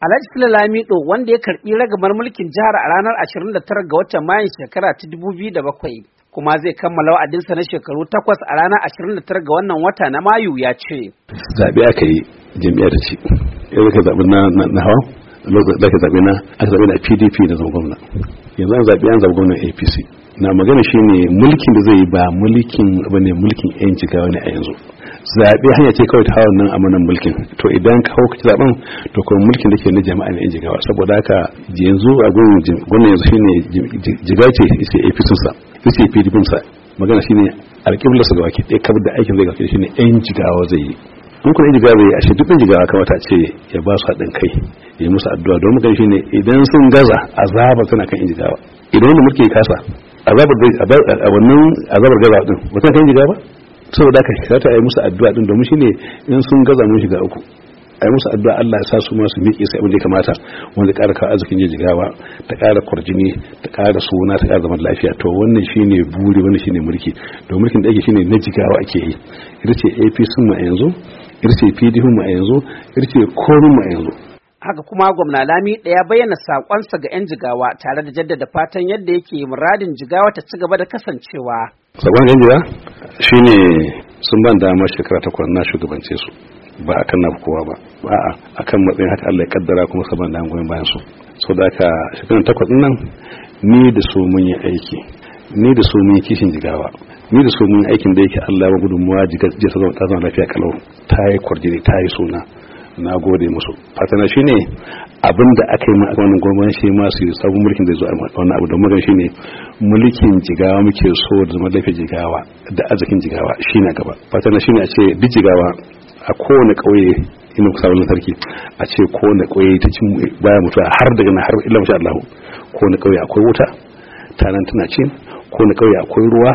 Alhaji Sule Lamido wanda ya karbi ragamar mulkin jihar a ranar 29 ga watan Mayun shekara ta 2007 kuma zai kammala wa'adinsa na shekaru takwas a ranar 29 ga wannan wata na Mayu ya ce. Zabe aka yi jami'ar ci, yau ka zaɓi na hawa da aka zaɓe na aka zaɓe na pdp na zama gwamna yanzu an zaɓe an zaɓe gwamnan apc na magana shine mulkin da zai yi ba mulkin ba ne mulkin yan jigawa ne a yanzu zaɓe hanya ce kawai ta hawan nan manan mulkin to idan ka hau kaci zaɓen to kuma mulkin da ke na jama'a ne yan jigawa saboda haka yanzu a gwamnan yanzu shine jigawa ce ita apc sa ita pdp sa magana shine alƙiblarsa ga wake ɗaya kabar da aikin zai ga ne yan jigawa zai yi in kuna jiga bai a duk jiga kamata ce ya ba su haɗin kai ya musu addu'a don mu shi ne idan sun gaza azaba tana kan injigawa idan wanda mulki ya kasa azabar a wannan azabar gaza din ba tana kan injiga ba saboda ka ta yi musu addu'a din domin shine in sun gaza mun shiga uku yi musu addu'a Allah ya sa su ma su miƙe sai abin da ya kamata wanda ƙara kawo arzikin jigawa ta ƙara kwarjini ta ƙara suna ta ƙara zaman lafiya to wannan shine buri wannan shine mulki domin mulkin da ake shine na jigawa ake yi ita ce APC mu a yanzu irce pdp mu a yanzu irce komi mu a yanzu haka kuma gwamna lami ɗaya bayyana sakonsa ga 'yan jigawa tare da jaddada fatan yadda yake muradin jigawa ta ci gaba da kasancewa sakon yan jigawa shine sun ban dama shekara takwas na shugabance su ba a na kowa ba a'a akan matsayin haka Allah ya kaddara kuma saban da goyon bayan su so da haka shekara takwas nan ni da su mun yi aiki ni da su mun yi kishin jigawa ni da su mun aikin da yake Allah ya gudunmuwa jika jisa zama ta zama lafiya kalau ta yi kwarjini ta yi suna na gode musu fatana shi ne abinda aka yi ma wannan gwamnati shi ma su sabon mulkin da zo a wannan abu mu magana shi ne mulkin jigawa muke so da zama lafiya jigawa da arzikin jigawa shi ne gaba fatana shi ne a ce duk jigawa a kowane ƙauye ina kusa wani sarki a ce kowane ƙauye ta cin baya mutuwa har daga na har illa masha Allah kowane ƙauye akwai wuta tanan tana cin kowane ƙauye akwai ruwa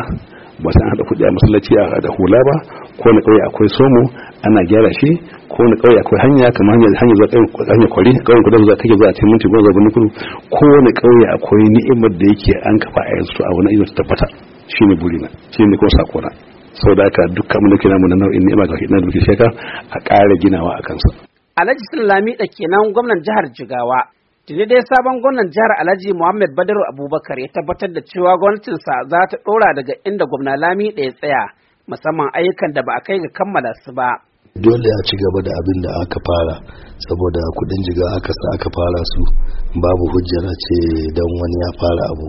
ba sai hada kudi a masallaci a da hula ba ko na ƙauye akwai somo ana gyara shi ko na ƙauye akwai hanya kamar hanyar hanyar za hanyar kwari ƙauyen kudu za kake za a cikin minti goma zaɓi kudu ko na ƙauye akwai ni'imar da yake an kafa a yanzu a wani ta tabbata shine burina shine ko sakona sau da aka dukkan mu da kina mu na nau'in ni'ima ga hidin da muke sheka a ƙara ginawa a kansa. Alhaji Sun Lami da kenan gwamnan jihar Jigawa Tuni dai sabon gwamnan jihar Alhaji Muhammad Badaru Abubakar ya tabbatar da cewa gwamnatinsa za ta ɗora daga inda gwamna Lami ɗaya tsaya musamman ayyukan da ba a kai ga kammala su ba. Dole a ci gaba da abin da aka fara saboda kuɗin jiga aka sa aka fara su babu hujjara ce don wani ya fara abu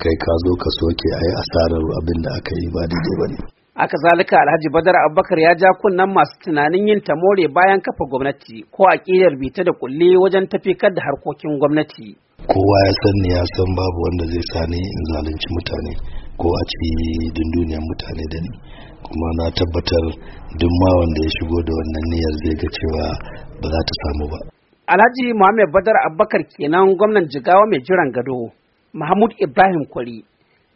kai ka zo ka soke a yi asarar abin da aka yi ba daidai ba ne. Aka zalika Alhaji Badar Abubakar ya ja kunnen masu tunanin yin ta more bayan kafa gwamnati ko a aƙidar bita da kulle wajen tafikar da harkokin gwamnati. Kowa ya san ni ya san babu wanda zai sani in zalunci mutane ko a ci dunduniyar mutane da ni. Kuma na tabbatar duk ma wanda ya shigo da wannan niyyar zai ga cewa ba za ta samu ba. Alhaji Muhammad Badar Abubakar kenan gwamnan Jigawa mai jiran gado, Mahmud Ibrahim Kwari,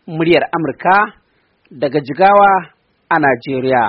muryar Amurka daga Jigawa a Najeriya.